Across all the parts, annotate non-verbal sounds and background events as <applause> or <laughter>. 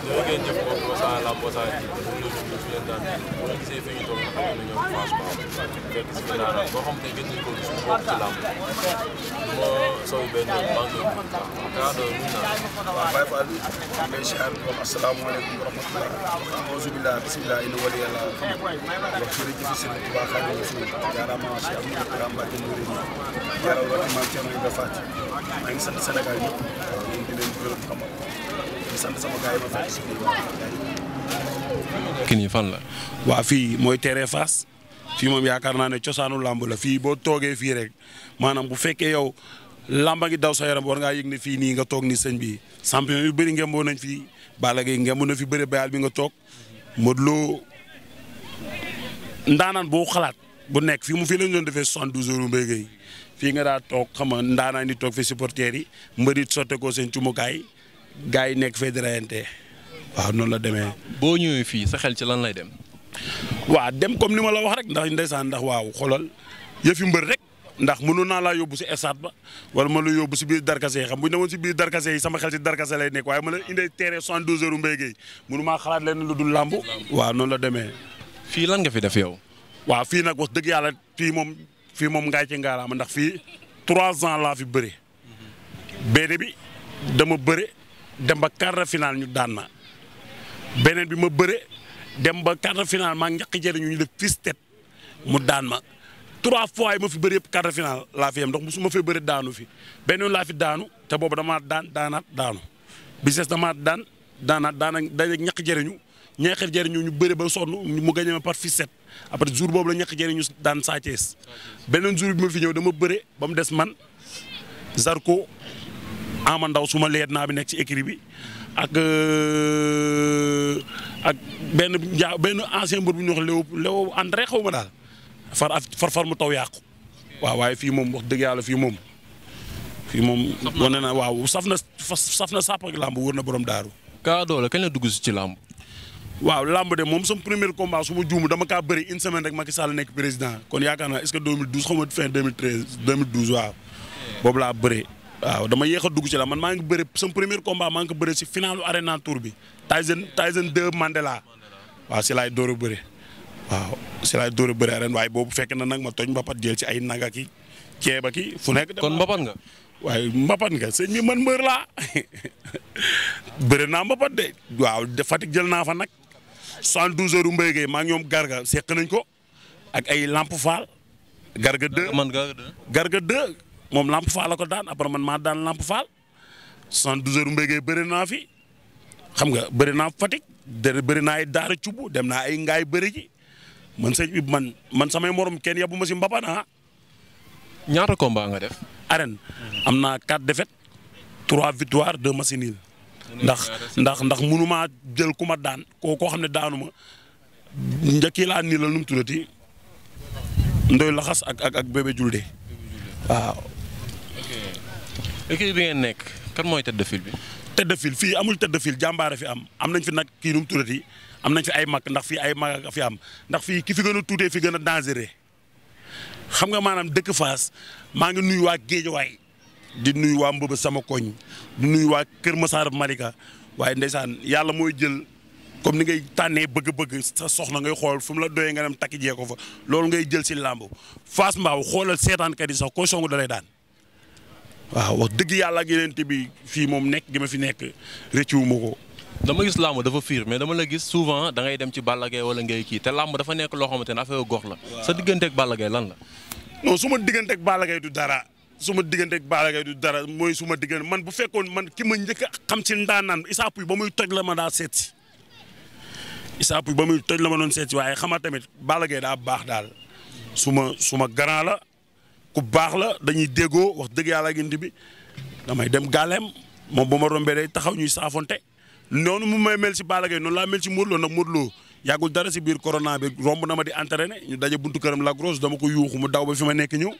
jërë ngeen jëf mbokk Wassare Lamb Wassare TV ñu ngi leen di leen daan bu ñu gisee fi ñu toll xam ne ñoom franchement fekk si fi daanaka boo xam ne gën nañ ko gis mbokk ci làmb du ma sow benn banque bu baax de nuyu naa. waaw Baye Fall ñu ngi lay ziar wax asalaamaaleykum wa rahmatulah auzu billah bismillah inna wali yàlla wax jërëjëf si lu baax xam ne si jaaraama si am na gàmbaay jëm réew mi jaaraama ci am nañ ko fàcc maa ngi sant Sénégal yëpp ñu ngi leen gërëm xamal sant fan la. waa fii mooy terrain Fass fii moom yaakaar naa ne cosaanu làmb la fii boo toogee fii rek maanaam bu fekkee yow làmba ngi daw sax yaram war ngaa yëg ne fii nii nga toog ni sëñ bi champion yu bëri ngemboo nañ fii Balla Gaye ngemb na fi bëri bayal bi nga toog Modou Lo ndaanaan boo xalaat bu nekk fii mu fii lañ doon defee soixante-douze heures mbéy fii nga daa toog xam nga ndaanaan di toog fi supporters yi mbërit sotte ko seen cumukaay gars yi nekk fee di waaw noonu la demee. boo ñëwee fii sa xel ci lan lay dem. waaw dem comme ni ma la wax rek ndax ndeysaan ndax waaw xoolal yëfi mbër rek ndax mënoon naa laa yóbbu si estade ba wala ma lu yóbbu si biir darkase yi xam bu ñu demoon si biir darkase yi sama xel si darkase lay nekk waaye ma la indee teere 72 heures Mbaye Guèye mënu maa xalaat leen lu dul làmb. waaw noonu la demee. fii lan nga fi def yow. waaw fii nag wax dëgg yàlla fii moom fii moom ngaay ci ngaaraama ndax fii trois ans laa fi bëre. benn bi dama bëre. dem ba quart de finale ñu daan ma beneen bi ma bëre dem ba quart de finale maa njaq jëriñu ñu def fistet mu daan ma trois fois yi ma fi bëri yëpp quart de finale laa fi yem ndax mosuma fee bëri daanu fi benn yoon laa fi daanu te boobu damaa daan daanaat daanu bises damaa daan daanaat daana dañ ak ñaq jëriñu ñeexir jëriñu ñu bëri ba sonn mu gañe ma par fistet après jour boobu la ñaq jëriñu daan Sa Thiès beneen jour bi ma fi ñëw dama bëre ba mu des man Zarko Ama Ndaw su ma leet naa bi nekk ci écrit bi ak euh, ak benn ja benn ancien mbër bu ñu wax Léo Léo André xaw ma daal far far far mu taw yàqu waaw waaye fii moom wax dëgg yàlla fii moom fii moom wane na waaw saf na saf na sàpp ak làmb wër na borom daaru Ka Dollé kañ dugg si ci làmb waaw làmb de moom sama premier combat su ma juumu dama kaa bëri une semaine rek Macky Sall nekk président kon yaakaar naa est-ce que 2012 xaw waaw boobu laa bëree waaw dama yéex dugg ci la man maa ngi bëre sama premier combat maa ngi ko bëre si finalu arena tour bi Tyson Tyson 2 Mandela waaw si laay door a bëre waaw si laay door a bëre waaye boobu fekk na nag ma toj mbapat jël ci ay naga ki ceeb a ki fu nekk. kon mbapat nga. waaye mbapat nga sëñ bi man mbër laa <laughs> bëre naa mbapat de waaw de jël naa fa nag 72 heures mbéy gay maa ngi ñoom garga seq nañ ko ak ay lamp faal. garga 2 moom Lamp Fall la ko daan après man maa daan Lamp Fall 72 heures mbéy naa fi xam nga bëri naa Fatick dé bëri naa ay Daara dem naa ay Ngaay bëri ji man sëñ man man samay morom kenn yabu ma si Mbapane ah. ñaata combat nga def. arène am naa 4 défaites 3 victoires 2 matchs nuls. ndax ndax ndax mënumaa jël ku daan koo koo xam ne daanu ma njëkkee laa nii la nu mu tuddati ndoy laxas ak ak ak bébé waaw équipe bi ngeen nekk kan mooy tête de file bi. tête de file fii amul tête de file jàmbaare fi am am nañ fi nag kii nu mu tuddati am nañ fi ay mag ndax fii ay mag fi am ndax fii ki fi gën a tuutee fi gën a dangereux xam nga maanaam dëkk Fass maa ngi nuyu waa Géejawaay di nuyu waa Mbëbë sama koñ di nuyu waa Kër Massar Malika waaye ndeysaan yàlla mooy jël comme ni ngay tànnee bëgg-bëgg sa soxna ngay xool fu mu la doyee nga dem takki jee ko fa loolu ngay jël si làmb Fass Mbaaw xoolal seetaankat yi sax koo songu daan. waaw wax dëgg yàlla ak yeneen bi fii moom nekk gi ma fi nekk ma ko. dama gis làmb dafa fiir mais dama la gis souvent da dem ci Balla Gaye wala ngay kii te làmb dafa nekk loo xamante ne affaire gox la. sa digganteeg Balla Gaye lan la. non su ma digganteeg Balla du dara su ma digganteeg Balla du dara mooy suma ma diggante man bu fekkoon man ki ma njëkk xam si ndaanaan Issa Pouye ba muy toj la ma daa seet si Issa Pouye ba muy toj la ma doon seet waaye xama tamit Balla Gaye daa baax daal su ma su ma ku baax la dañuy déggoo wax dëgg yàlla ak indi bi damay dem gaaleem moom bu ma rombee day taxaw ñuy saafonte noonu mu may mel si baala Gaye noonu laa mel si Modou Lo nag Modou Lo dara si biir corona bi romb na ma di entraîné ñu daje buntu këram la grosse dama ko yuuxu mu daw ba fi ma nekk ñu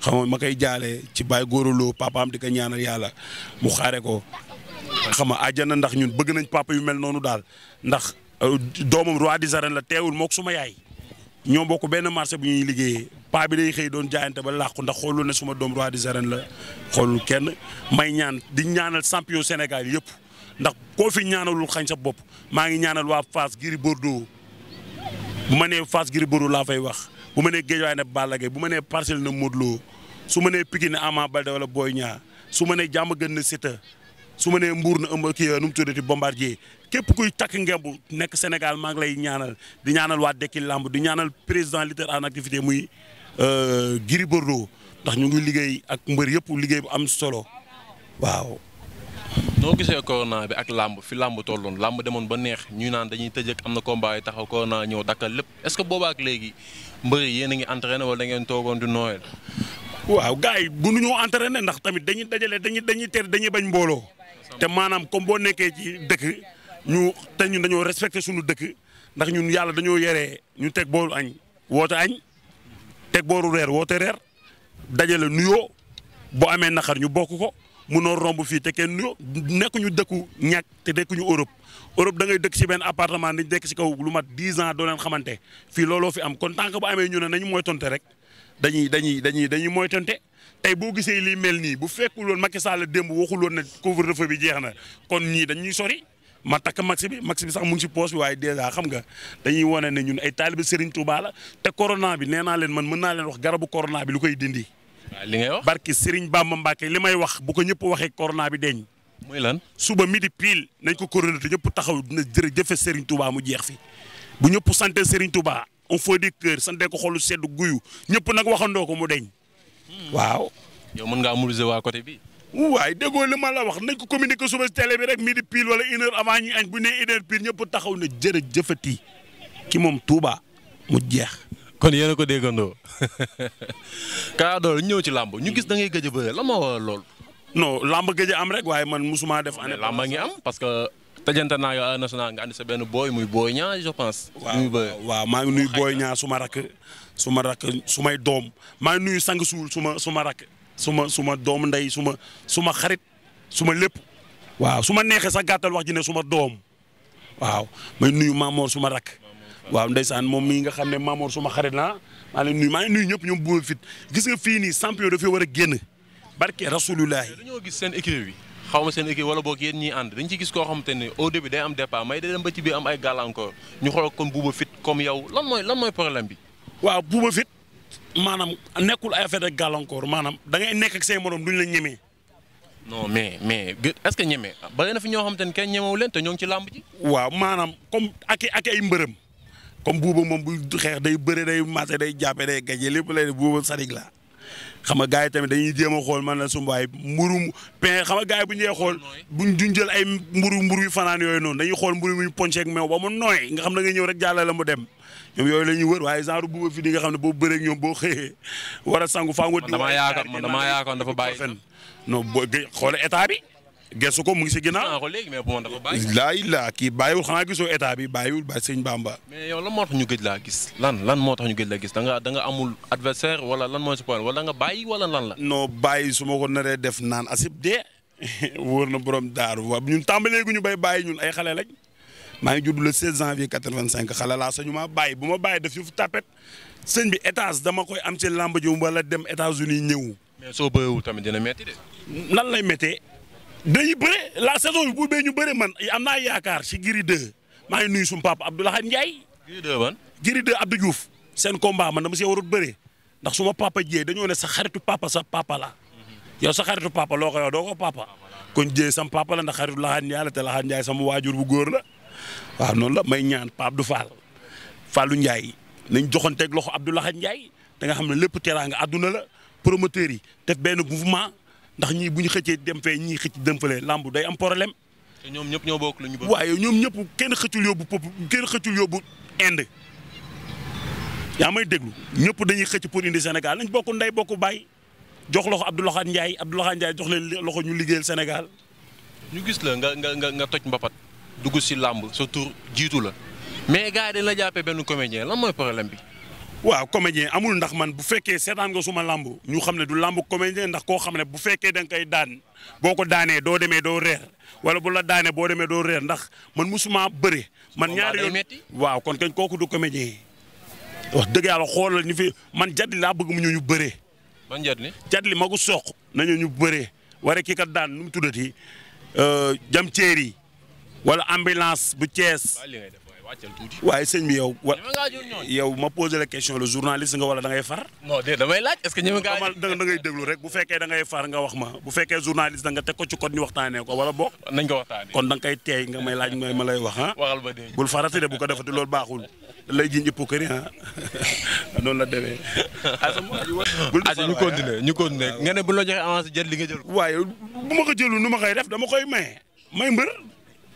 xam nga ma kay jaale ci baay Gora Lo papaam di ko ñaanal yàlla mu xaare ko xam nga àjjana ndax ñun bëgg nañ papa yu mel noonu daal ndax euh, doomam roi des arènes la teewul mook suma yaay ñoo bokk benn marché bu ñuy liggéeyee paa bi day xëy doon jaayante ba làqu ndax xoolul ne suma doom roi des arènes la xoolul kenn may ñaan di ñaanal champion Sénégal yëpp ndax kofi fi ñaanalul xañ sa bopp maa ngi ñaanal waa faas Gris Bordeaux bu ma nee Fass Gris Bordeaux laa fay wax bu ma nee Guédiawaye ne Balla Gaye bu ma nee Parcelles na Modou su ma nee Pikine ne Ama Baldé wala Boy ñaa su ma nee Diamaguène ne Siteu su ma nee mbuur na ëmb kii nu mu tuddati bombardier képp kuy takk ngemb nekk Sénégal maa ngi lay ñaanal di ñaanal waa dekki Lamb di ñaanal président lutteur en activité muy euh, Gris Bordeaux ndax ñu ngi liggéey ak mbër yëpp liggéey bu am solo waaw. noo gisee corona bi ak làmb fi làmb tolloon làmb demoon ba neex ñuy naan dañuy tëj am na combat yi taxaw corona ñëw dakkal lépp est-ce que booba ak léegi mbër yi yéen a ngi entraîné wala da ngeen toogoon di nooyal. waa gars yi bu nu ñoo entraîné ndax tamit dañuy dajale dañuy dañuy ter dañuy bañ mbooloo te maanaam comme boo nekkee ci dëkk ñu te ñun dañoo respecté suñu dëkk ndax ñun yàlla dañoo yere ñu teg boo añ woote añ teg booru reer woote reer dajale nuyoo boo amee naqar ñu bokk ko mun munoo romb fii te kenn nekku ñu dëkku ñàkk te nekkuñu Europe Europe da ngay dëkk si benn appartement dañ dekk si kaw lu mat dix ans doo leen xamante fii looloo fi am kon tant boo bu amee ñu ne nañu moytonte rek dañuy dañuy dañuy dañuy moytonte tey boo gisee lii mel nii bu fekkuloon Macky Sall démb waxuloon ne couvre-feu bi jeex na kon ñii dañuy sori ma takk max bi max bi sax mu ngi si poos bi waaye dèjà xam nga dañuy wane ne ñun ay taalibe Serigne Touba la te corona bi nee naa leen man mën naa leen wax garabu corona bi lu koy dindi. li ngay wax barki Serigne Bamba Mbacke li may wax bu ko ñëpp waxee corona bi deñ mooy lan suba midi pile nañ ko corona te ñëpp taxaw dina jërëjëfe Serigne Touba mu jeex fi bu ñëpp sante Serigne Touba on faut dire cœur sante ko xolu sedd guyu ñëpp nag waxandoo ko mu deñ waaw. yow mën ngaa mobiliser waa côté bi. waay déggoo li ma la wax nañ ko communiquer suba si télé rek midi pile wala une heure avant ñuy añ bu nee une heure pile ñëpp taxaw na jërëjëfati ki moom Touba mu jeex. kon yéen a ko déggandoo <laughs> Kara Dollé ñëw ci làmb ñu gis da ngay gëj a bëre lan moo waral lool. non làmb gëj am rek waaye man musuma def. année làmb ngi am parce que. tëjante naa yow national nga andi sa benn booy muy booy ñaa je pense. muy waaw maa ngi nuyu booy ñaa suma rakk su ma rakk su may doom maa ngi nuyu sang suul su ma rakk su ma su ma ndey su ma xarit su ma lépp. waaw su ma neexee sax gàttal wax ji suma doom waaw may nuyu Mamor su ma rakk waaw ndeysaan moom mii nga xam ne Mamor suma ma naa la maa ngi nuy maa ñëpp ñoom bu fit gis nga fii nii champion dafay war a génn barke rasulullah. dañoo gis seen équipe bi. xaw ma seen équipe wala boog yéen ñi ànd dañ ci gis koo xamante ne au début day am départ may day dem ba ci am ay gàllankoor ñu xool kon buuba fit comme yow lan mooy lan mooy problème bi. waaw buuba fit maanaam nekkul ay affaire ak gàllankoor maanaam da ngay nekk ak say morom duñ la ñemee. non mais mais est-ce que ñeme bare na fi ñoo xamante ne kenn ñemewu leen te ñoo ngi ci làmb ji. waaw maanaam comme ak ak ay mbërëm comme buuba moom bu xeex day bëre day maase day jàppe day gaje lépp lay buuba sarig xam nga gars yi tamit dañuy jéem a xool man la sumbaay mburu pain xam nga gars yi bu ñëwee xool buñ duñ jël ay mburu mburu yu fanaan yooyu noonu dañuy xool mburu muñ ponceeg meew ba mu nooy nga xam da ngay ñëw rek jàlla la mu dem ñoom yooyu la ñuy wër waaye genre buuba fi di nga xam ne boo bëree ak ñoom boo xëyee <laughs> war a sangu faa nga damaa <laughs> yaakaar dafa bàyyi non bi gesu ko mu ngi si ginnaaw. laay laa kii bàyyiwul xanaa gisoo état bi bàyyiwul bàyyi sëñ Bamba. mais yow lan moo tax ñu gëj laa gis lan lan moo tax ñu gëj gis da nga amul adversaire wala lan mooy si problème wala nga bàyyi wala lan la. non bàyyi su ma ko naree def naan asib dee <laughs> wóor na borom daaru waaw ñun tàmbalee gu ñu bay bàyyi ñun ay xale lañ maa ngi judd le 16 janvier 85 xale laa sañu maa bàyyi bu ma bàyyi def yu fu tapet sëñ bi étage dama koy am ci làmb ji wala dem États-Unis ñëw. mais soo bëyeewul tamit dina métti lan lay méttee dañuy bëre la saison bu bee ñu bëre man am naa yaakaar si Gris 2 maa ngi nuyu suñu papa Abdoulaye Ndiaye. Gris 2 ban Gris 2 Abdou Diouf seen combat man dama see warut bëre ndax suma papa Dieye dañoo ne sa xaritu papa sa papa la yow sa xaritu papa loo ko yow doo ko papa kon Dieye sam papa la ndax xaritu Laxaat Ndiaye la te Laxaat Ndiaye sama waajur bu góor la waaw noonu la may ñaan Pape du Fall Fallou Ndiaye nañ joxanteeg loxo Abdoulaye Ndiaye da nga xam ne lépp teraanga àdduna la promoteur yi def benn mouvement. ndax ñii bu ñu xëccee dem fee ñii xëcc dem fële lamb day am problème. te ñoom ñëpp ñoo bokk lu ñu bëgg. waaye ñoom ñëpp kenn xëccul yóbbu pop kenn xëccul yóbbu Inde. yaa may déglu ñëpp dañuy xëcc pour indi Sénégal nañ bokk ndey bokk baay jox loxo Abdoulaye Ndiaye Abdoulaye Ndiaye jox leen loxo ñu liggéeyal Sénégal. ñu gis la nga nga toj mbapat dugg si làmb sa jiitu la mais gars yi la jàppee benn comédien la mooy problème bi. waaw comédien amul ndax man bu fekkee seetaan nga suma lambu ñu xam ne du làmb comédien ndax koo xam ne bu fekkee da nga koy daan boo ko daanee doo demee doo reer wala bu la daanee boo demee doo reer ndax man musuma bëre man ñaari yoon waaw kon kañ kooku du comédien wax dëgg yàlla xoolal ñu fi man jadli laa bëgg mu ñu ñu bëree man jadli jadli magu soq nañu ñu bëree wara kii kat daan nu mu tuddati euh, jam ceeri wala ambulance bu Thiès waaye sëñ bi yow. yow ma posé la question le journaliste nga wala da far. damay laaj est que ñeme ngaa. xamal da ngay déglu rek bu fekkee da ngay far nga wax ma bu fekkee journaliste da nga teg ko ci code ñu waxtaanee ko wala bokk. nañ ko waxtaanee kon da nga koy teey nga may laaj ma lay wax ah. waxal ba dee bul farati de bu ko defati loolu baaxul. lay ji ñëpp kër noonu la demee. asalaamaaleykum ah. ñu continuer nga ne bu la joxee avance li nga jël. waaye bu ma ko jëlul ma koy def dama koy maye may mbër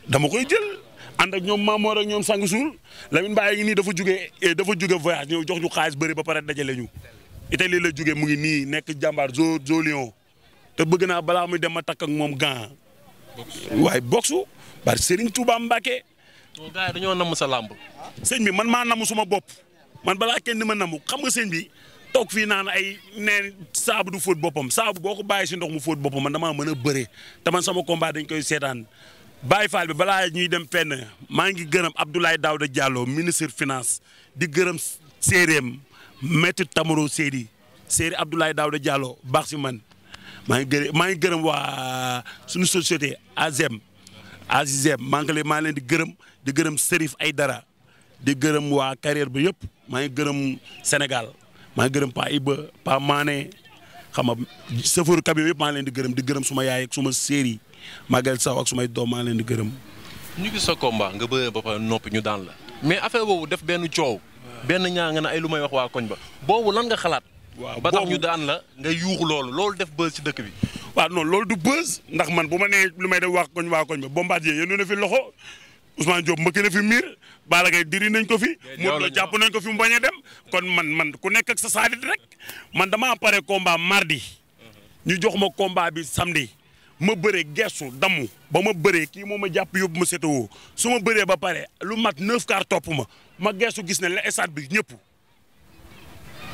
dama koy jël ànd ak ñoom Mamoor ak ñoom Sang Suul Lamine Mbaye ngi nii dafa jugee eh, dafa jugee voyage ñëw jox ñu xaalis bëri ba pare dajale ñu Italie la jugee mu ngi nii nekk jàmbaar zoo zoo te bëgg naa balaa muy dem ma takk ak moom gan waaye boxu bari Serigne Touba Mbacke. gars yi dañoo namm sa làmb. sëñ bi man maa namm suma bopp man balaa kenn di ma namm xam nga sëñ bi toog fii naan ay neen saabu du fóot boppam saabu boo ko baay si ndox mu fóot boppam man damaa mën a bëre te man sama combat dañ koy seetaan. Baye Fall bi balaa ñuy dem fenn maa ngi gërëm Abdoulaye Daouda Diallo ministre finance di gërëm séeréem maître Tamaro Séeri Séeri Abdoulaye Daouda jaaloo baax si man maa ngi gërëm ngi gërëm waa suñu société Azem Azizem maa ngi leen maa leen di gërëm di gërëm Serif dara di gërëm waa carrière bi yëpp maa ngi gërëm Sénégal maa ngi gërëm Pa Iba Pa Mané xam nga chauffeur camion yëpp maa leen di gërëm di gërëm suma yaay ak suma séeri Maguette saw ak sumay doom maa leen di gërëm. ñu gis sa combat nga bëree ba pare noppi ñu daan la. mais affaire boobu def benn coow. benn ñaa nga ne ay lu may wax waa koñ ba. boobu lan nga xalaat. waaw ba tax ñu daan la nga yuuxu loolu loolu def buzz ci dëkk bi. waaw non loolu du buzz ndax man bu ma nee lu may def waa koñ waa koñ ba Bombardier yéen na fi loxo Ousmane Diop mbëkk na fi miir Balla Gaye diri nañ ko fi. Modou Lo jàpp nañ ko fi mu bañ a dem. kon man man ku nekk ak sa saalit rek man damaa pare combat mardi. ñu jox ma combat bi samedi. ma bëree gestu damm ba ma bëree kii moo ma jàpp yóbbu ma setewoo su ma bëree ba pare lu mat neuf quarts topp ma ma gestu gis ne la stade bi ñëpp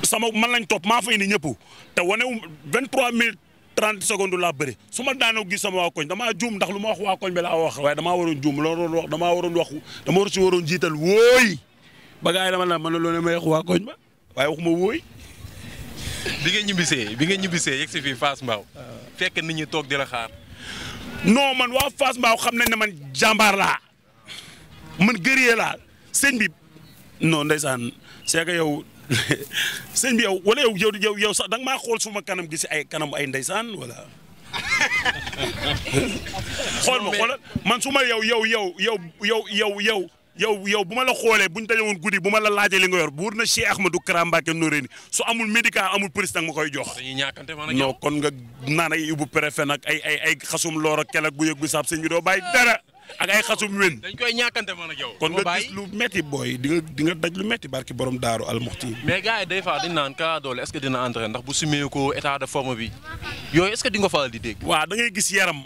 sama man lañ topp maa fa indi ñëpp te wane wu 23 minutes 30 secondes laa bëri su ma daanoo gis sama waa koñ dama juum ndax lu ma wax waa koñ bi laa wax waaye dama waroon juum loolu waroon wax damaa waroon wax dama war si waroon jiital wooyi ba gars dama la man loolu may wax waa koñ ba waaye waxuma wooy bi nga ñibbisee bi nga ñibbisee yegg si fii Fass Mbao fekk nit toog di la xaar. non man waa Fass Mbao xam na ne man jàmbaar laa man guerrier laa sëñ bi non ndeysaan c'est que yow <laughs> sëñ bi yow wala yow yow yow sax danga maa xool suma kanam gi si ay kanam ay ndeysaan wala. <laughs> xool ma xoolal man su ma yow yow yow yow yow yow. yow yow bu ma la xoolee bu ñu dajewoon guddi bu ma la laajee li nga yor buur na Cheikh Ahmadou Kara Mbacké Noreyni su amul médicament amul prise nag ma koy jox. non kon nga naan ay ibu préfet nag ay ay ay xasum loor ak kel ak bu yëg bu saab sëñ bi doo dara ak ay xasum wén. dañ koy ñàkkante man ak yow. kon nga gis lu metti booy di nga di nga daj lu metti barki borom daaru almuxti. mais gars yi day fois dañ naan Kara Dollé est-ce dina entraîné ndax bu sumee ko état de forme bi yooyu est-ce que di di dégg. da ngay gis yaram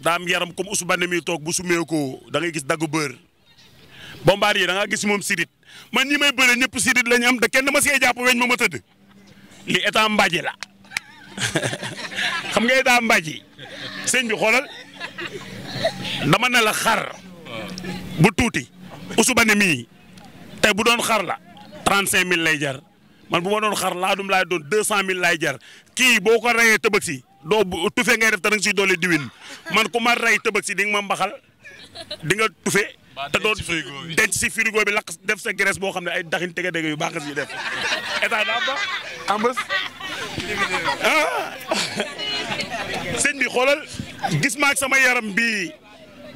daam yaram comme Ousmane mi toog bu sumee ko da ngay gis dagg bër Bombardier yi ngaa gis moom sidit man ñi may bëre ñëpp sidit la ñu am te kenn ma see jàpp weñ ma ma tëdd li état mbaji la <laughs> xam nga état mbaji sëñ bi xoolal dama ne la xar bu tuuti usubane mii te bu doon xar la trente cinq mille lay jar man bu ma doon xar laadum laay doon deux cent mille lay jar kii boo ko rayee tëbëg si doo tufe ngay def te danga siy doole diwin man ku ma ray tëbëg si di nga ma mbaxal di tufe te doon denc si frigo bi lakk def sa graisse boo xam ne ay daxin tege dege yu baax si def état daa baax am ah. bi xoolal gis ma sama yaram bi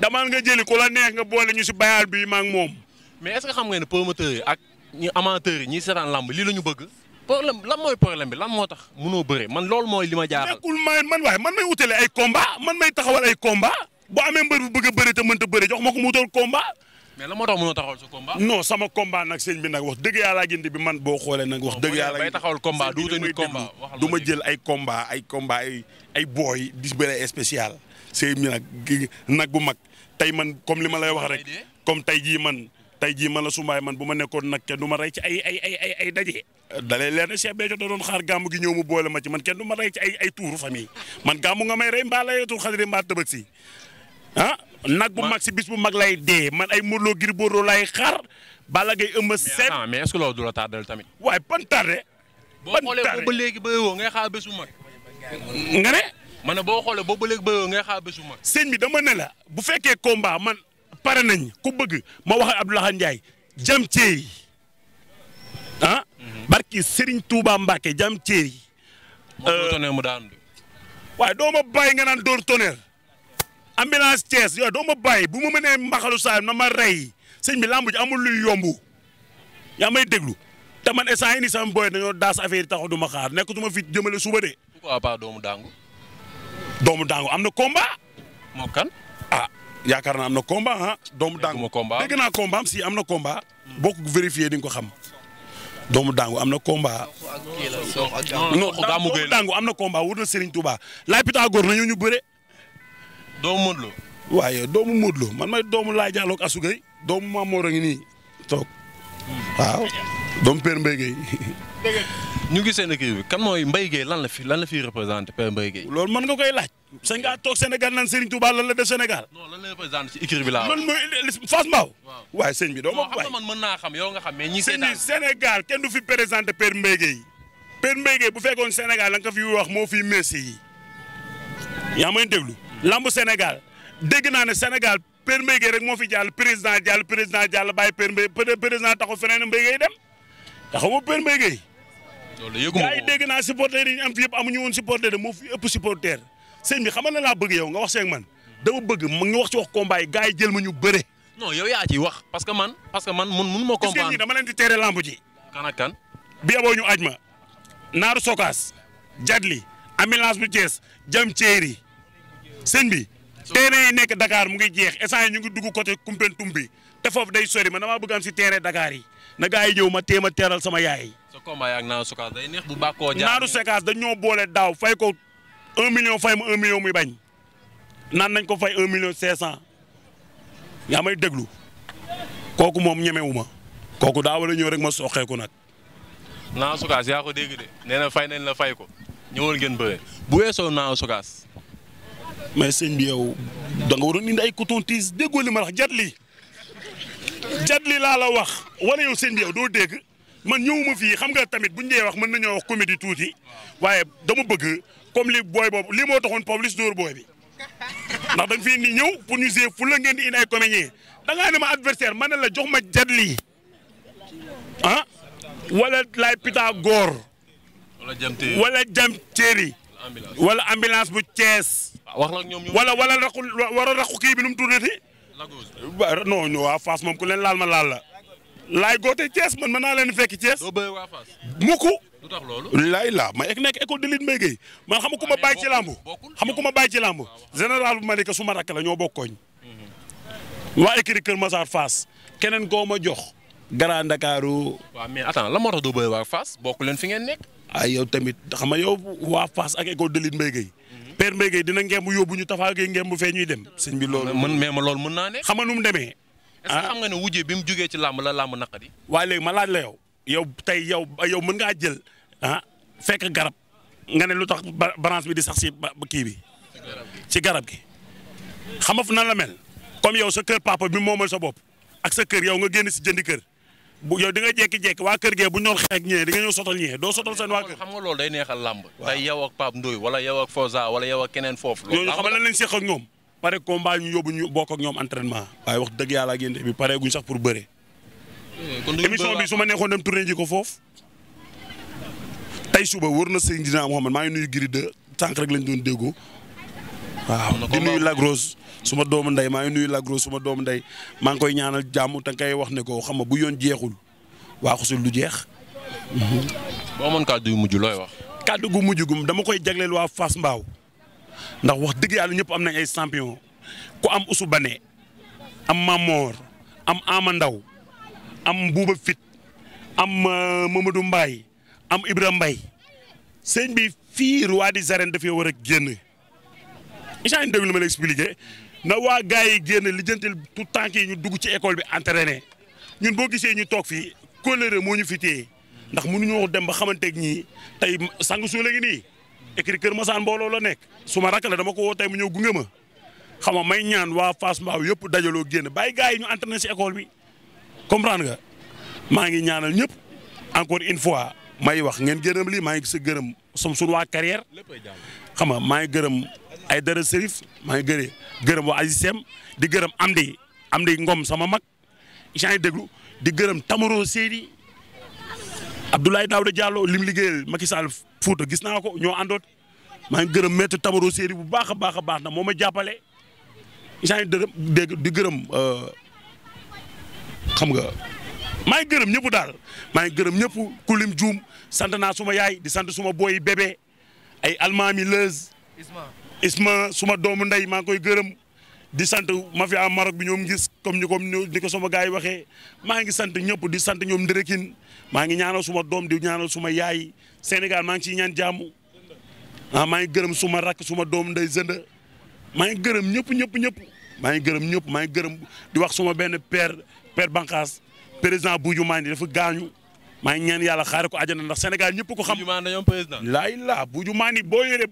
damaa nga jëli ko la neex nga boole ñu si bayaal bii maak moom. mais est-ce que xam nga ne promoteurs yi ak ñi amateurs yi ñi seetaan lamb lii la ñu bëgg. problème lan mooy problème bi lan moo tax mënoo bëre man loolu mooy li ma jaaral. nekkul man man waaye man may utale ay combat man may taxawal ay komba boo amee mbër bu bëgg a bëri te mënta bëri jox ma ko mu wutal combat. mais la taxawal sa combat. non sama combat nag sëñ bi nag wax dëgg yàlla jënd bi man boo xoolee nag. wax dëgg yàlla bay taxawal combat du wutal nit combat du ma jël ay combat ay combat ay ay booy dis bëre spécial. sëñ bi nag nag bu mag tey man comme li ma lay wax rek comme tey jii man. tey jii man la sumbaay man bu ma nekkoon nag kenn du ma rey ci ay ay ay ay ay daje. dalee leer na Cheikh Béthio da xaar gàmm gi ñëw mu boole ma ci man kenn du ma rey ci ay ay tuuru famille man gàmm nga may rey mbaa layee tuur xasri mbaa tëbëg ah nag bu mag si bis bu mag lay dee man ay molo Lo Gris Bordeaux lay xaar bala Gaye Eumeu Sène. mais mais est-ce que loolu du la tardel tamit. waaye ban tardé. ban tardé boo xoolee ba léegi ba woo ngay xaa bés bu mag. nga ne. ma ne boo xoolee ba léegi ba woo ngay xaar bés bu mag. sëñ bi dama ne la bu fekkee combat man pare nañ ku bëgg ma wax ak Abdoulaye Ndiaye jam ceey ah. Mhm. barki Serigne Touba Mbacke jam ceey. Euh, mu daan. waaye doo ma bàyyi nga naan dóor tonnerre. ambulance Thiès yooyu doo bu bàyyi bu ma mënee mbaxalu saa na ma rey sëñ bi lambu ji amul luy yombu yaa may déglu te man instant yii nii sama booy dañoo daas affaire yi taxaw du ma xaar nekkatuma fi jamale suba de. pourquoi pas doomu daangu. doomu daangu am na komba moo kan. ah yaakaar naa na combat ah, doomu daangu dégg naa combat am am na komba boo ko vérifié ko xam. doomu daangu am na komba non doomu daangu am na combat wut na Serigne Touba laay Pythagore nañu ñu bëre. doomu Modou Lo. waaye doomu Modou man ma doomu Laye Diallo ak Assou doomu Mame Mor a ngi nii toog waaw doomu Père Mbaye Gueye. <laughs> ñu gisee ne kii bi kan mooy Mbaye Gueye lan la fi lan la fiy représenté Père Mbaye loolu mën nga koy laaj. sañ ngaa toog Sénégal naan Serigne Touba lan la def senegal non la représenté ci écurie bi laa. man mooy Fass Mbaw. waaye sëñ bi doo ma. waaw man mën naa xam yow nga xam mais ñi seetaan Sénégal kenn du fi présenté Père Mbaye Gueye. Mbaye bu fekkoon Sénégal la nga ko fi wax moo fi Messi yi. yaa may déglu. lambu Sénégal dégg naa ne Sénégal Père Mbaye Guèye rek moo fi jàll président jàll président jàll bàyyi Père Mbaye président taxu feneen Mbaye Guèye dem taxawoo Père Mbaye Guèye. loolu yëgu ma ko dégg naa supporter yi ñu am fi yëpp amuñu woon supporter de moo fi ëpp supporter sëñ bi xamal na laa bëgg yow nga wax seeg man dama bëgg mu ngi wax ci wax combat yi gars yi ñu bëre. non yow yaa ciy wax parce que man parce que man mun mun ma comprendre ñi dama leen di tere lamb ji. kan ak kan. bi yaboo ñu aj ma naaru sokaas jadli ambulance bu Thiès jam Thierry sëñ bi terrain nekk Dakar mu ngi jeex instant yi ñu ngi dugg côté Koumpentoum bi te foofu day sori ma damaa maa am si terrain Dakar yi na gaa yi ñëw ma téema teeral sama yaay. sa combat ak Naaru Sokaas day neex bu bàkkoo jaar Naaru Sokaas dañ ñoo boole daaw fay ko un million fay ma un million muy bañ naan nañ ko fay un million cinq cent yaa may déglu kooku moom ñemewu ma kooku daa war a ñëw rek ma soqeeku nag. Naaru Sokaas yaa ko dégg de nee fay nañ la fay ko ñëwal ngeen bëre bu weesoo Naaru Sokaas mais sëñ bi yow da nga ay coton-tige déggoo li ma wax jat lii jat lii laa la wax wala yow sëñ bi yow doo dégg man ma fii xam nga tamit buñ dee wax mën nañoo wax comédie tuuti waaye dama bëgg comme li booy boobu li moo taxoon Pawlish dóor booy bi ndax da nga fi ni ñëw pour ñu gisee fu la ngeen di indi ay comédien da ngaa ne ma adversaire ma ne la jox ma jat lii ah wala laay Pythagore wala jam téeri wala ambulance bu Thiès wax nga ak ñoom wala wala raqu war a raqu kii bi nu mu tuddati. Lagos non ñu waa Fass moom ku leen laal ma laal la. laay goote man mën naa leen fekk Thiès. doo bëre waa Fass. mukk. lu tax loolu. laay laa ma ek nekk école de lutte ah, ku ma bàyyi ci làmb. xam nga ku ma bàyyi ci làmb. général bu Malika ma rakk la ñoo bokkooñ. Mhm. waa écurie Kër Massar Fass keneen koo ma Dakaru. la moo tax doo bëre waa Fass bokk leen fi ngeen nekk. yow tamit xam nga yow waa Fass ak école Père Mbaye Gueye dina ngemb yóbbu ñu Tafa Gueye ngemb fee ñuy dem. sëñ bi loolu mën mais ma loolu mën naa ne. xam nga nu mu demee. est-ce que ah. ne wujje bi mu jugee ci làmb la làmb di waaye léegi ma laaj la yow yow tey yow yow mën ngaa jël ah fekk garab nga ne lu tax branche bi di sax si kii bi ci garab gi xam nga fu nan la mel comme yow sa kër papa bi moomal sa bopp ak sa kër yow nga génn si jëndi kër bu yow di nga jékki waa kër gee bu ñoon xeex ñee di nga sotal ñee doo sotal seen waa kër xam nga loolu day neexal làmb day yow ak Pape Ndoye wala yow ak Foza wala yow ak keneen foofu ñooñu xam lan lañ seq ak ñoom pare combat ñu yóbbu ñu bokk ñoom entraînement waaye wax dëgg yàlla ak yéen bi pare guñ sax pour bëre eh, émission bi su ma neexoon dem tourné ji ko foofu tey suba war na sëñ dinaa Mouhamed maa ngi nuyu giri de sànq rek lañ doon déggoo waaw di nuyu Lagros suma doomu ndey maa ngi nuyu Lagros suma doomu nday maa ngi koy ñaanal jàmm te kay wax ne ko xam nga bu yoon jeexul waaxusul lu jeex. boo amoon kàddu mujj looy wax. kàddu mujj gum dama koy jagleel waa Fass Mbaaw ndax wax dëgg yàlla ñëpp am nañ ay champion ku am Usu Bane am Mamor am Ama Ndaw am Buuba Fit am euh, Mamadou mbaay am Ibra mbay sëñ bi fii roi des arènes war a génn. incha allah déglu ma la expliqué na waa gars yi génn lijjantil tout temps yi ñu dugg ci école bi entraîné ñun boo gisee ñu toog fii kóllëre moo ñu fi téye ndax mënuñoo dem ba xamanteeg ñii tey sang soo la ngi nii écrit Kër Masaan mbooloo la nekk suma ma dama ko woo tey mu ñëw gunge ma xam nga may ñaan waa Fass Mbao yëpp dajaloo génn baay gars yi ñu entraîné si école bi comprendre nga maa ngi ñaanal ñëpp encore une fois may wax ngeen gërëm lii maa ngi sa gërëm som suñu waa carrière xam nga maa ngi gërëm ay dara sërif maa ngi gërë gërëm waa Azisem di gërëm Amdi Amdi Ngom sama mag yaa ngi déglu di gërëm Tamaro Seydi Abdoulaye da Diallo lim liggéeyal Macky Sall Fouta gis naa ko ñoo àndoot maa ngi gërëm maître Tamaro Seydi bu baax a baax a baax na moo ma jàppale yaa ngi dërëm di gërëm euh, xam nga. maa ngi gërëm ñëpp daal maa ngi gërëm ñëpp ku lim juum sant naa suma yaay di sant suma booy bébé ay almaami leuz isma suma doomu ndey maa ngi koy gërëm di sant mafia Maroc bi ñoom gis comme ni ko ni ko sama gars yi waxee maa ngi sant ñëpp di sant ñoom ndërëkin maa ngi ñaanal suma doom di ñaanal suma yaay Sénégal maa ngi ciy ñaan jàmm ah maa ngi gërëm suma rakk suma doom nday zënd maa ngi gërëm ñëpp ñëpp ñëpp maa ngi gërëm ñëpp maa ngi gërëm di wax suma benn père père Banqaas président Bouniouma Andi dafa gaañu maa ngi ñaan yàlla xaare ko àjjana ndax Sénégal ñëpp ko xam. Bouniouma Andi ñoom président. laay laa Bouniouma Andi boo yoree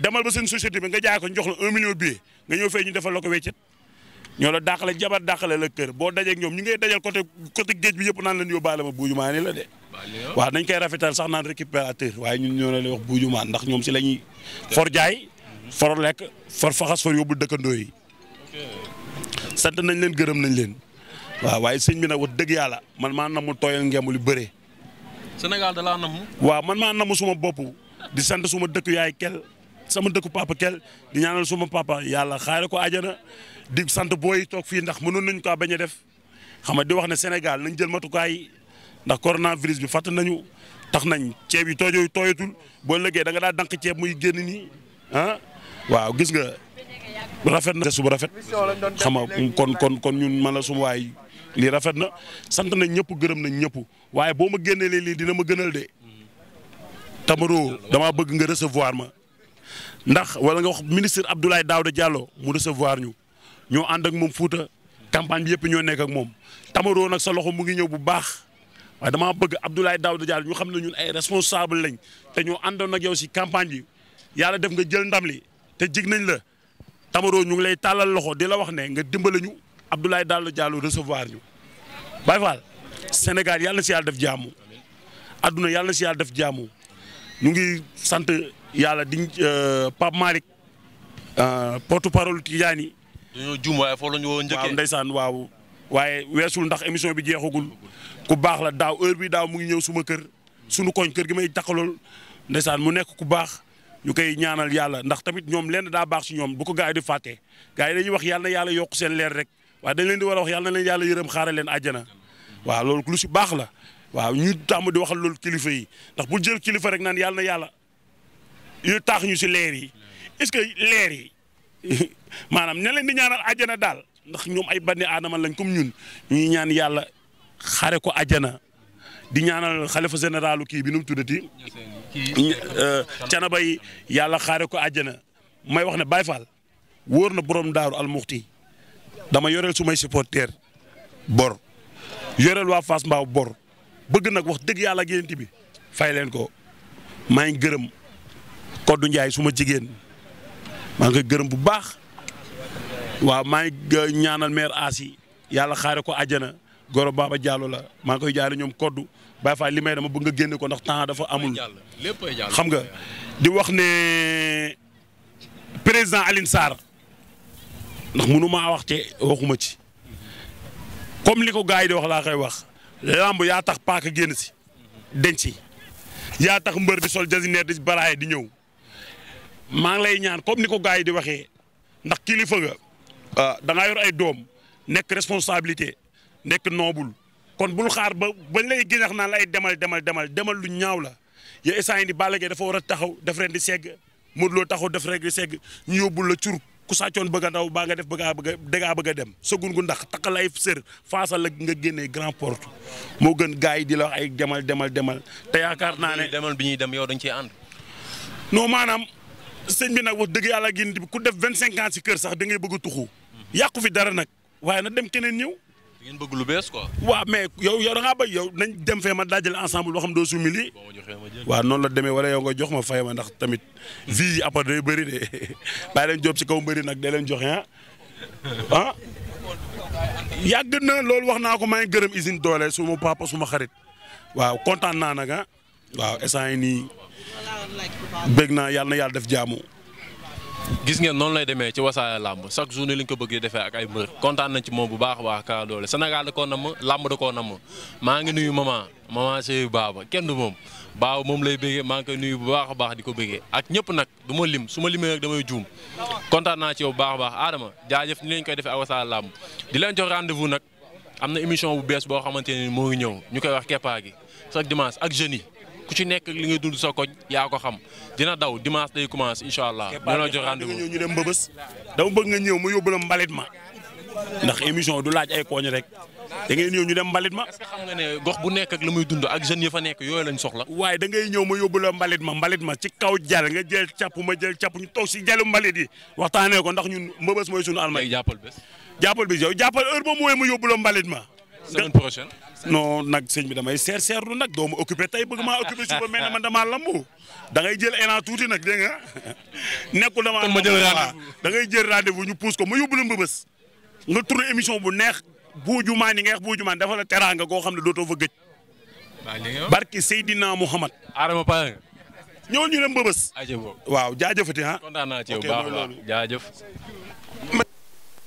demal ba seen société bi nga jaay ko jox la un million billet nga ñëw fee ñu defal la ko weccet ñoo la dàqale jabar dàqale la kër boo dajeeg ñoom ñi ngay dajal côté côté géej bi yëpp naan leen yóbbaale ma Bouniouma Andi la de. waaw nañ koy rafetal sax naan récupérateur waaye ñun ñoo leen wax Bouniouma ndax ñoom si la ñuy for jaay for lekk for faxas for yóbbul dëkkandoo yi sant nañ leen gërëm nañ leen waaw waaye sëñ bi nag wax dëgg yàlla man maa namu tooyal ngemb lu bëre. Sénégal da laa namu. waaw man maa namu suma boppu di sant suma dëkk yaay kel sama dëkku papa kel di ñaanal suma papa yàlla xaare ko àjjana di sant booy toog fii ndax mënoon nañ ko bañ a def xam nga di wax ne Sénégal nañ jël matukaay ndax coronavirus bi fàtt nañu tax nañ ceeb yi tooyoo tooyatul boo lëggee da nga daa dànq ceeb muy génn nii ah waaw gis nga rafet na. suba rafet xam nga kon kon kon ñun man la suma lii rafet na sant nañ ñëpp gërëm nañ ñëpp waaye boo ma génnee lii dina ma gënal de Tamaro damaa bëgg nga resevoir ma ndax wala nga wax ministre daaw da Diallo mu recevoir ñu ñoo ànd ak moom fuuta campagne bi yëpp ñoo nekk ak moom Tamaro nag sa loxo mu ngi ñëw bu baax waaye damaa bëgg daaw Daouda Diallo ñu xam ne ñun ay responsable lañ te ñoo àndoon ak yow si campagne bi yàlla def nga jël ndam li te jig nañ la tamaroo ñu ngi lay tàllal loxo di wax ne nga dimbale ñu Abdoulaye Daouda Diallo recevoir ñu Baye Fall Sénégal yàlla na si yàlla def jaamu adduna yàlla na si yàlla def jaamu ñu ngi sant yàlla di euh, Pape Malick euh, porte parole Tidiane yi. dañoo juum waaye foofu ñu woo njëkkee waaw ndeysaan waaw. waaye weesul ndax émission bi jeexagul ku baax la daaw heure bi daaw mu ngi ñëw suma kër sunu koñ kër gi may taxalool ndeysaan mu nekk ku baax ñu koy ñaanal yàlla ndax tamit ñoom lenn daa baax si ñoom bu ko gaa yi di fàtte gaa yi dañuy wax yàlla yàlla yokk seen leer rek waaye dañ leen di war a wax yàlla na leen yàlla yërëm xaare leen àjjana waaw loolu lu si baax la waaw ñu tàmm di waxal loolu kilifa yi ndax bu jël kilifa rek naan yàlla na yàlla yu taax ñu si leer yi est-ce que leer yi <laughs> maanaam ña leen di ñaanal àjjana daal ndax ñoom ay banni aadama lañ comme ñun ñu ñaan yàlla xare ko àjjana di ñaanal xalifa généralu kii bi nu mu tuddati cana euh, bay yàlla xaare ko àjjana may wax ne Baye Fall wóor na borom daaru almuxti dama yoreel sumay may supporter bor yoreel waa Fass Mbao bor bëgg nag wax dëgg yàlla gént bi fay leen ko maa ngi gërëm Koddu Njaay suma jigéen maa ngi gërëm bu baax waaw maa ngi euh, ñaanal maire Asi yàlla xaare ko àjjana goro Baba Diallo la maa ngi koy jaale ñoom Koddu Baye Fall li may dama bëgg nga génne ko ndax temps dafa amul xam nga di wax ne président Alioune Sarr ndax mënu maa wax te waxuma ci comme li ko gars yi di wax laa koy wax làmb yaa tax paaka génn si denc yaa tax mbër di sol jasineer di baraaye di ñëw maa ngi lay ñaan comme ni ko gars yi di waxee ndax kilifa nga ah, danga ngaa yor ay doom nekk responsabilité nekk noobul kon bul xaar ba bañ lay génneex naa la demal demal demal demal lu ñaaw la ya instant yi ni Balla dafa war a taxaw def ren di segg Modou Lo taxaw def rek di segg ñu yóbbul la cur ku sàccoon bëgg a daw baa nga def bëgg a bëgg a dem sa gun gu ndax takkal ay sër faasal la nga génnee grand porte moo gën gars yi di la wax ay demal demal demal te yaakaar naa ne. demal bi ñuy dem yow dañ ciy ànd. non maanaam sëñ bi nag wax dëgg yàlla gi ku def vingt cinq si kër sax da ngay bëgg a tuxu yàqu fi dara nag waaye na dem keneen ñëw. di ngeen bëgg lu bees quoi. waaw mais yow yow da ngaa yow nañ dem fee ma dajale ensemble boo xam doo suumi lii. waaw noonu la demee wala yow nga jox ma fay ma ndax tamit vie yi après day bëri de <laughs> bàyyi leen job ci kaw mbëri nag day leen joxe ah ah. yàgg na loolu wax naa ko maa ngi gërëm isin doole suma papa suma xarit waaw kontaan naa nag ah waaw instant nii bëgg naa yàlla na yàlla def jaamu. gis ngeen noonu lay demee ci wasaare làmb chaque journée li ñu ko bëgg defee ak ay mbër kontaan nañ ci moom bu baax a baax kaa doole Sénégal da koo namm làmb da koo namm maa ngi nuyu maman maman Cheikh Baba kenn du moom Baba moom lay bëggee maa ngi koy nuyu bu baax a baax di ko bëggee ak ñëpp nag du ma lim su ma limee rek damay juum kontaan naa ci yow bu baax a baax Adama jaajëf ni lañ koy defee ak wasaare làmb di leen jox rendez-vous nag am na émission bu bees boo xamante ne moo ngi ñëw ñu koy wax keppaa gi chaque dimanche ak jeunes yi ku ci nekk li ngay dund sa koñ yaa ko xam dina daw dimanche day commencé incha allah. dina jox rendez-vous ñu dem Mbëbës dama bëgg nga ñëw mu yóbbu mbalit ma ndax émission du laaj ay koñ rek da ngay ñëw ñu dem mbalit ma. est-ce nga ne gox bu nekk ak muy dund ak jeunes yi fa nekk yooyu lañ soxla. waaye da ngay ñëw ma yóbbu la mbalit ma mbalit ma ci kaw jal nga jël càpp ma jël càpp ñu toog si jalu mbalit yi waxtaanee ko ndax ñun Mbëbës mooy suñu almay. jàppal bés jàppal bés yow jàppal heure ba mu wooyee ma yóbbu la mbalit ma semaine prochaine. non nag sëñ bi damay seer seerlu nag doo ma tey bëgg maa occupé suba mel ne man damaa lambu da ngay jël élan tuuti nag dégg nga <laughs> nekkul damaa. kon ma jël rendez-vous da ngay ñu pousse ko ma yóbbu la mbëbës nga tourné émission bu neex bu maan yi nga wax buuju maan dafa la teraanga goo xam ne dootoo fa gëj. barki Seydina Muhammad. Adama Paye. ñëwal ñu dem mbëbës. waaw jaajëfati ah. kontaan naa ci yow baax jaajëf.